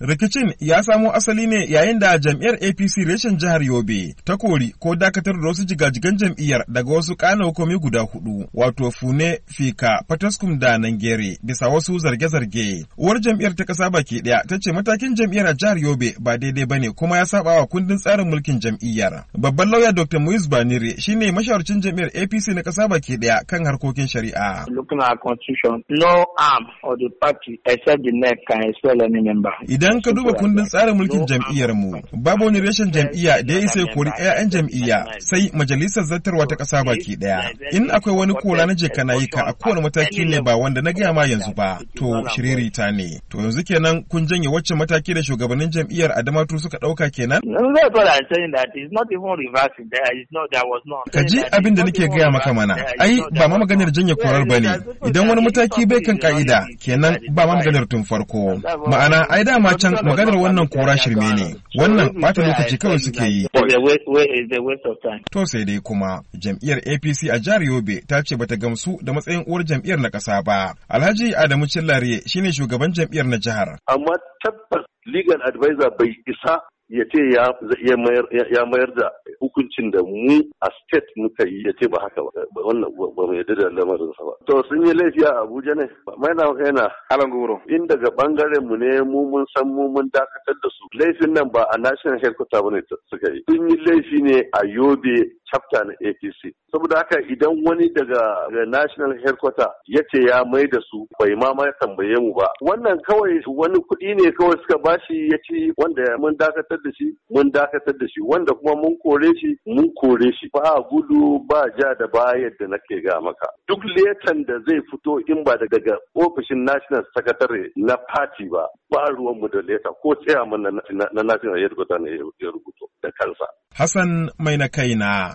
Rikicin ya samo asali ne yayin da jam'iyyar APC reshen jihar Yobe ta kori ko dakatar da wasu jigajigan jam'iyyar daga wasu kana komi guda hudu wato Fune, Fika, Fataskum da Nangere bisa wasu zarge-zarge. Uwar jam'iyyar ta kasa baki daya ta ce matakin jam'iyyar a jihar Yobe ba daidai ba ne kuma ya saba wa kundin tsarin mulkin jam'iyyar. Babban lauya Dr. Muiz Banire shine mashawarcin jam'iyyar APC na kasa baki daya kan harkokin shari'a. Looking at constitution, no arm of the party except the neck can expel any member. idan ka duba kundin tsarin mulkin jam'iyyar mu babu wani reshen jam'iyya da ya isa kori 'ya'yan jam'iyya sai majalisar zartarwa ta ƙasa baki ɗaya in akwai wani kora na je kana yi ka a kowane mataki ne ba wanda na gaya ma yanzu ba to shiririta ne to yanzu kenan kun janye wacce mataki da shugabannin jam'iyyar Adamatu suka ɗauka kenan? Ka ji abin da nake gaya maka mana, ai ba ma maganar janye korar ba ne, idan wani mataki bai kan ka'ida kenan ba ma maganar tun farko. Ma'ana ai dama wacan maganar wannan kora shirme ne wannan bata lokaci kawai suke yi to sai dai kuma jam'iyyar apc a jihar yobe ta ce bata gamsu da matsayin uwar jam'iyyar na ƙasa ba alhaji adamu cillare shine shugaban jam'iyyar na jihar amma tabbas legal adviser bai isa ya ce ya mayar da hukuncin da mu a state muka yi ya ce ba haka ba wannan ba mai yadda da lamarinsa ba to sun yi laifi a abuja ne mai na na halan goro in daga bangaren mu ne mu mun san mu mun dakatar da su laifin nan ba a national headquarter bane suka yi sun yi laifi ne a yobe chapter na APC. Saboda haka idan wani daga national headquarter ya ce ya mai da su bai ma ma tambaye mu ba. Wannan kawai wani kuɗi ne kawai suka bashi ya ci wanda mun dakatar da shi mun dakatar da shi wanda kuma mun kore shi mun kore shi ba gudu ba ja da ba yadda nake ga maka. Duk letan da zai fito in ba daga ofishin national secretary na party ba ba ruwan mu da leta ko tsaya mana na national headquarter ne ya rubuto da kansa. Hassan mai na kaina